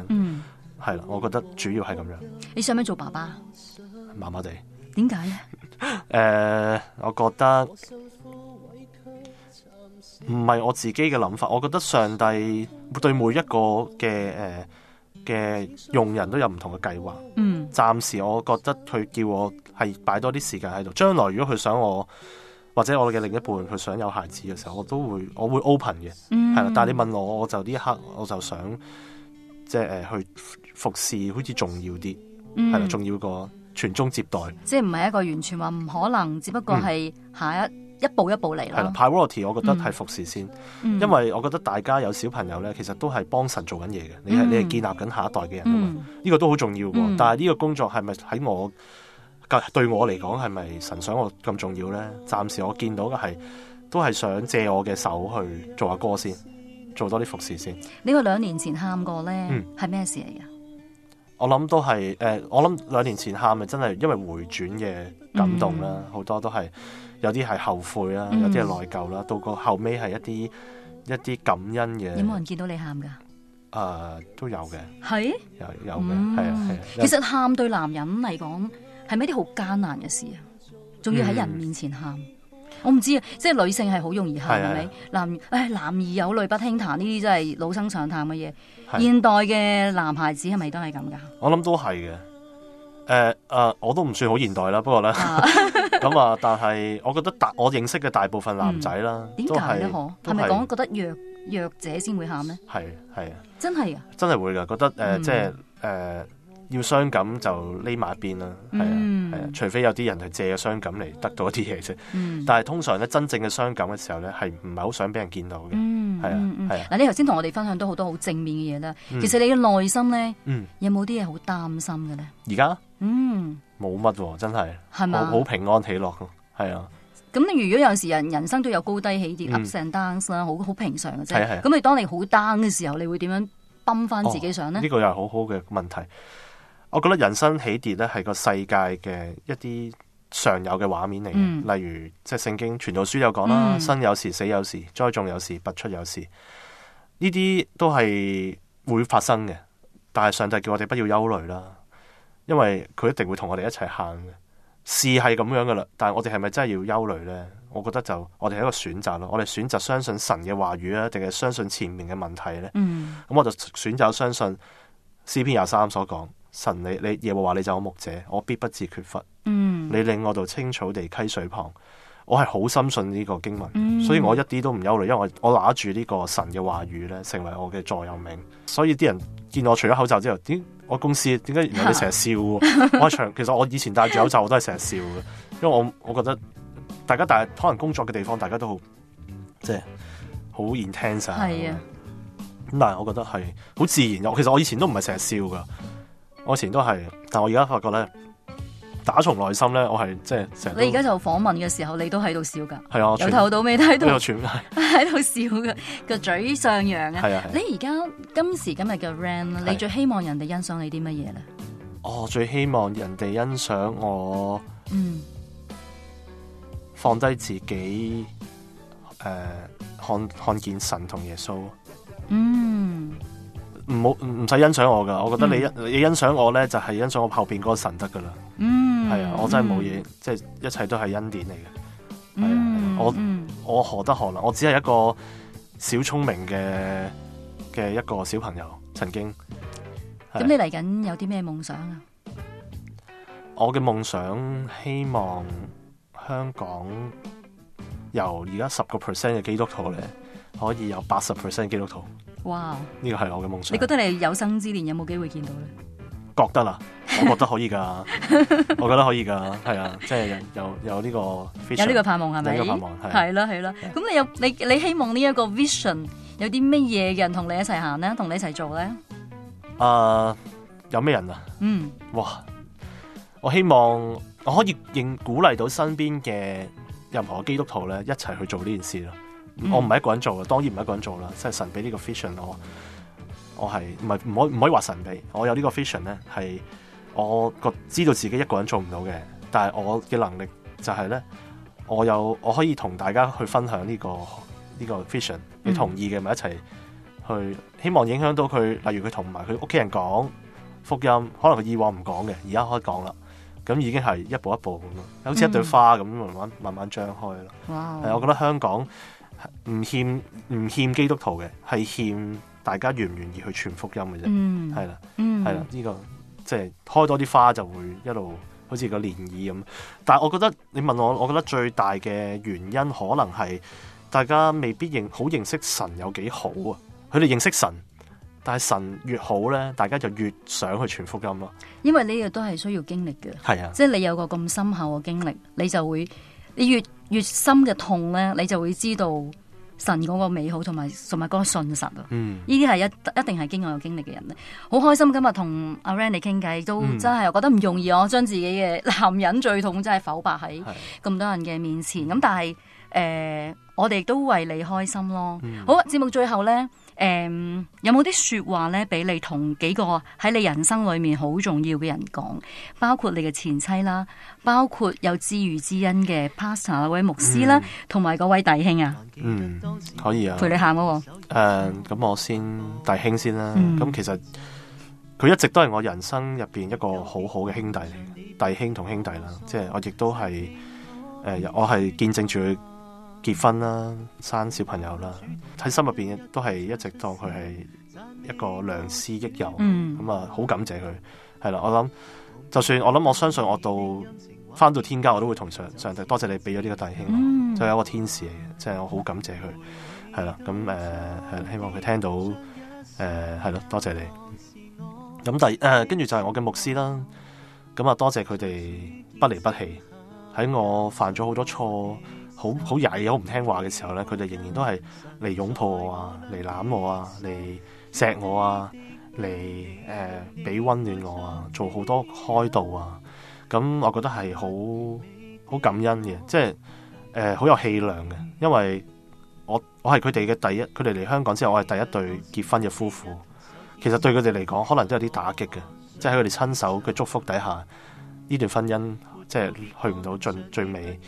Speaker 1: 係啦、嗯，我覺得主要係咁樣。
Speaker 2: 你想唔想做爸爸？
Speaker 1: 麻麻地。點解呢？誒 ，uh, 我覺得唔係我自己嘅諗法。我覺得上帝對每一個嘅誒。Uh, 嘅用人都有唔同嘅計劃，嗯，暫時我覺得佢叫我係擺多啲時間喺度。將來如果佢想我，或者我嘅另一半，佢想有孩子嘅時候，我都會我會 open 嘅。嗯，係啦。但係你問我，我就呢一刻我就想，即係誒去服侍，好似重要啲，
Speaker 2: 係啦、嗯，重
Speaker 1: 要過傳宗接代。
Speaker 2: 即係唔係一個完全話唔可能，只不過係下一。嗯一步一步嚟啦。係啦
Speaker 1: ，priority，我覺得係服侍先，嗯嗯、因為我覺得大家有小朋友咧，其實都係幫神做緊嘢嘅，你係你係建立緊下一代嘅人啊嘛，呢、嗯、個都好重要。嗯、但係呢個工作係咪喺我，對我嚟講係咪神想我咁重要咧？暫時我見到嘅係，都係想借我嘅手去做下歌先，做多啲服侍先。
Speaker 2: 你話兩年前喊過咧，係咩事嚟噶？
Speaker 1: 我諗都係，誒，我諗兩年前喊咪真係因為回轉嘅感動啦，好多都係。有啲係後悔啦，有啲係內疚啦，到個後尾係一啲一啲感恩嘅。有冇
Speaker 2: 人見到你喊噶？
Speaker 1: 誒，都有嘅。係有有嘅。係啊係啊。其實
Speaker 2: 喊對男人嚟講係咪啲好艱難嘅事啊？仲要喺人面前喊，我唔知嘅。即係女性係好容易喊係咪？男誒男兒有淚不輕彈呢啲真係老生常談嘅嘢。現代嘅男孩子係咪都係咁噶？
Speaker 1: 我諗都係嘅。誒誒，我都唔算好現代啦，不過咧。咁啊！但係我覺得大我認識嘅大部分男仔啦，點解咧？嗬，係咪講覺
Speaker 2: 得弱弱者先會喊咧？
Speaker 1: 係係啊，
Speaker 2: 真係啊，
Speaker 1: 真係會㗎。覺得誒，即係誒，要傷感就匿埋一邊啦。係
Speaker 2: 啊係啊，
Speaker 1: 除非有啲人係借咗傷感嚟得到一啲嘢啫。但係通常咧，真正嘅傷感嘅時候咧，係唔係好想俾人見到嘅？嗯，係啊
Speaker 2: 係啊。嗱，你頭先同我哋分享到好多好正面嘅嘢啦。其實你嘅內心
Speaker 1: 咧，
Speaker 2: 有冇啲嘢好擔心嘅咧？
Speaker 1: 而家嗯。冇乜、啊、真係嗎，好平安喜樂，係啊。
Speaker 2: 咁你如果有陣時人人生都有高低起跌、嗯、，up and down 啦，好好平常嘅啫。咁、啊、你當你好 down 嘅時候，你會點樣泵翻自己上呢？呢、哦
Speaker 1: 這個又係好好嘅問題。我覺得人生起跌咧係個世界嘅一啲常有嘅畫面嚟、嗯、例如即係聖經傳道書有講啦，嗯、生有時，死有時，栽種有時，拔出有時，呢啲都係會發生嘅。但係上帝叫我哋不要憂慮啦。因為佢一定會同我哋一齊喊，事係咁樣噶啦。但係我哋係咪真係要憂慮呢？我覺得就我哋係一個選擇咯。我哋選擇相信神嘅話語啊，定係相信前面嘅問題呢？咁、嗯嗯、我就選擇相信詩篇廿三所講：神你你耶和華你就我牧者，我必不致缺乏。嗯、你令我到青草地溪水旁。我係好深信呢個經文，嗯、所以我一啲都唔憂慮，因為我我拿住呢個神嘅話語咧，成為我嘅座右銘。所以啲人見我除咗口罩之後，咦我公司點解原來你成日笑？啊、我長 其實我以前戴住口罩我都係成日笑嘅，因為我我覺得大家但係可能工作嘅地方大家都好即係好 intense 啊的。
Speaker 2: 咁
Speaker 1: 但係我覺得係好自然，其實我以前都唔係成日笑噶，我以前都係，但我而家發覺咧。打從內心咧，我係即係你而家
Speaker 2: 就訪問嘅時候，你都喺度笑噶。
Speaker 1: 係啊，由頭到尾喺度
Speaker 2: 喺度笑㗎，個嘴上揚呀。係啊，啊啊你而家今時今日嘅 Ren 你最希望人哋欣賞你啲乜嘢咧？
Speaker 1: 哦，最希望人哋欣賞我，嗯，放低自己，誒、嗯呃，看看見神同耶穌，
Speaker 3: 嗯。
Speaker 1: 唔好唔使欣賞我噶，我覺得你欣、嗯、你欣賞我咧，就係、是、欣賞我後邊嗰個神得噶啦。嗯，
Speaker 3: 係啊，我真係冇嘢，
Speaker 1: 即係、嗯、一切都係恩典嚟嘅。啊、嗯，啊、
Speaker 3: 我
Speaker 1: 我何德何能？我只係一個小聰明嘅嘅一個小朋友，曾經。咁、啊、你嚟
Speaker 2: 緊有啲咩夢想啊？
Speaker 1: 我嘅夢想希望香港由而家十個 percent 嘅基督徒咧，可以有八十 percent 基督徒。哇！呢個係我嘅夢想。你覺得
Speaker 2: 你有生之年有冇機會見到咧？
Speaker 1: 覺得啦，我覺得可以噶， 我覺得可以噶，係啊，即係有有呢個 vision, 有呢個盼望係咪？呢個盼望係係啦
Speaker 2: 係啦。咁你有你你希望呢一個 vision 有啲咩嘢嘅人同你一齊行咧，同你一齊做咧？
Speaker 1: 啊，uh, 有咩人啊？嗯，哇！我希望我可以認鼓勵到身邊嘅任何基督徒咧，一齊去做呢件事咯。我唔係一個人做嘅，當然唔係一個人做啦。即係神俾呢個 vision 我，我係唔係唔可唔可以話神秘？我有個呢個 vision 咧，係我個知道自己一個人做唔到嘅，但係我嘅能力就係咧，我有我可以同大家去分享呢、這個呢、這個 vision。你同意嘅咪、嗯、一齊去，希望影響到佢。例如佢同埋佢屋企人講福音，可能佢以往唔講嘅，而家可以講啦。咁已經係一步一步咁咯，好似一朵花咁，慢慢慢慢張開啦、嗯。我覺得香港。唔欠唔欠基督徒嘅，係欠大家願唔願意去傳福音嘅啫，係啦，係啦，呢個即係開多啲花就會一路好似個漣漪咁。但係我覺得你問我，我覺得最大嘅原因可能係大家未必認好認識神有幾好啊，佢哋認識神，但係神越好咧，大家就越想去傳福音咯。
Speaker 2: 因為呢個都係需要經歷嘅，係啊，即係你有個咁深厚嘅經歷，你就會你越。越深嘅痛咧，你就會知道神嗰個美好，同埋同埋嗰個信實啊！嗯，呢啲係一一定係經我有經歷嘅人咧，好開心今日同阿 Ren 傾偈，都真係又、嗯、覺得唔容易，我將自己嘅男人最痛真係剖白喺咁多人嘅面前。咁是、嗯、但係誒、呃，我哋都為你開心咯。好，節目最後咧。誒，um, 有冇啲說話咧，俾你同幾個喺你人生裏面好重要嘅人講，包括你嘅前妻啦，包括有知遇之恩嘅 Pastor 位牧師啦，同埋嗰位弟兄啊。嗯，
Speaker 1: 可以啊，陪你喊嗰個。誒，咁我先弟兄先啦。咁、嗯、其實佢一直都係我人生入邊一個好好嘅兄弟嚟，弟兄同兄弟啦，即係我亦都係誒，我係見證住。結婚啦，生小朋友啦，喺心入邊都係一直當佢係一個良師益友，咁啊好感謝佢。係啦，我諗就算我諗我相信我到翻到天家，我都會同上上帝多謝你俾咗呢個弟兄，嗯、就係一個天使嚟嘅，即係我好感謝佢。係啦，咁誒係希望佢聽到誒係啦，多謝你。咁第誒跟住就係我嘅牧師啦，咁啊多謝佢哋不離不棄喺我犯咗好多錯好好曳又好唔聽話嘅時候咧，佢哋仍然都係嚟擁抱我啊，嚟攬我啊，嚟錫我啊，嚟誒俾溫暖我啊，做好多開導啊。咁我覺得係好好感恩嘅，即係誒好有氣量嘅。因為我我係佢哋嘅第一，佢哋嚟香港之後，我係第一對結婚嘅夫婦。其實對佢哋嚟講，可能都有啲打擊嘅，即係喺佢哋親手嘅祝福底下，呢段婚姻即係去唔到最最尾。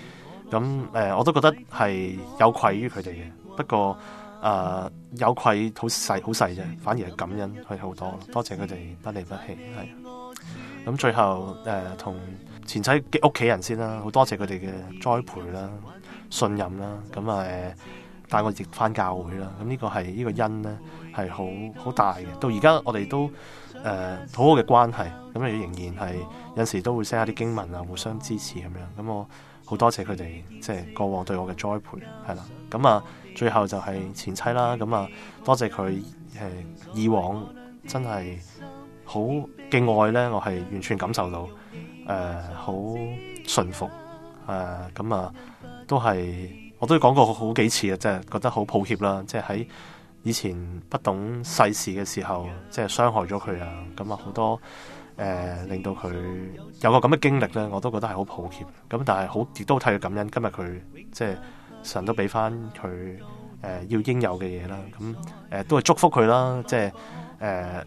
Speaker 1: 咁誒、嗯，我都覺得係有愧於佢哋嘅。不過誒、呃，有愧好細，好細啫。反而係感恩佢哋好多，多謝佢哋不離不棄。係咁、嗯、最後誒、呃，同前妻嘅屋企人先啦、啊，好多謝佢哋嘅栽培啦、信任啦。咁誒帶我亦翻教會啦。咁、嗯、呢、這個係呢、這個恩呢，係、呃、好好大嘅。到而家我哋都誒好好嘅關係。咁亦仍然係有時都會 send 下啲經文啊，互相支持咁樣。咁我。嗯嗯嗯嗯好多謝佢哋即係過往對我嘅栽培，係啦，咁啊，最後就係前妻啦，咁啊，多謝佢誒、呃，以往真係好敬愛咧，我係完全感受到誒，好、呃、順服誒，咁、呃、啊，都係我都講過好幾次啊，即係覺得好抱歉啦，即係喺以前不懂世事嘅時候，即係傷害咗佢啊，咁、嗯、啊，好多。誒，令到佢有個咁嘅經歷咧，我都覺得係好抱歉。咁但係好都替佢感恩，今日佢即係神都俾翻佢誒要應有嘅嘢啦。咁誒都係祝福佢啦，即係誒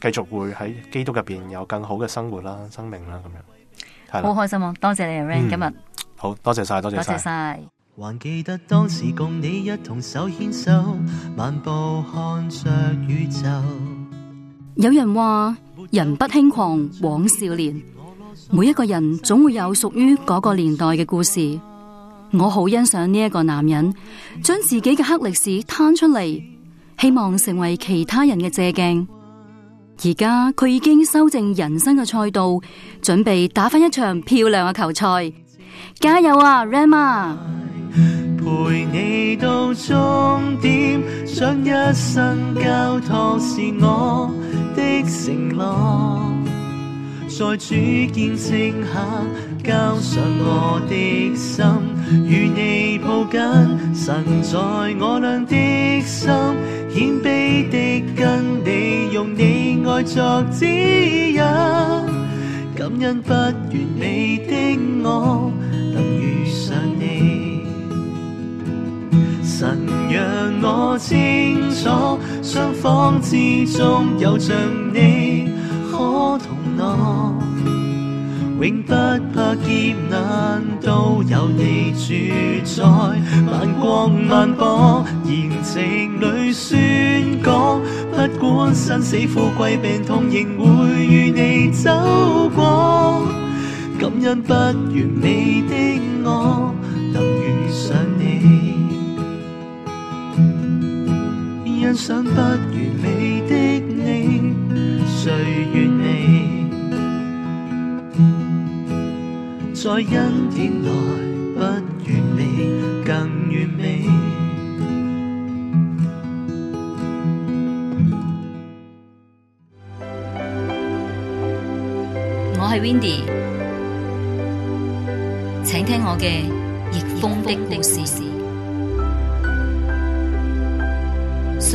Speaker 1: 繼續會喺基督入邊有更好嘅生活啦，生命啦咁樣。好開
Speaker 2: 心啊！多謝你，Ren，今日
Speaker 1: 好多謝晒，多謝
Speaker 2: 晒。還記得
Speaker 4: 當時共你一同手牽手，漫步看着宇宙。
Speaker 2: 有人話。人不輕狂枉少年，每一個人總會有屬於嗰個年代嘅故事。我好欣賞呢一個男人，將自己嘅黑歷史攤出嚟，希望成為其他人嘅借鏡。而家佢已經修正人生嘅賽道，準備打返一場漂亮嘅球賽。加油啊，Ren Ma！
Speaker 4: 陪你到終點，想一生交託是我的承諾，在主見證下交上我的心，與你抱緊神在我倆的心，謙卑的跟你用你愛作指引，感恩不完美的我。神讓我清楚，雙方之中有着你可同樂，永不怕劫難都有你主宰萬國萬邦，言情裏宣講，不管生死富貴病痛，仍會與你走過，感恩不完美的我。想不完美的你，最完美。在恩典來不完美，更完
Speaker 2: 美。我係 Windy，請聽我嘅逆風的故事。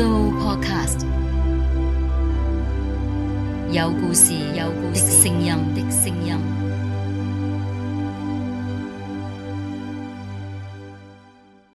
Speaker 2: 做 podcast，有故事，有故事，的聲音的聲音。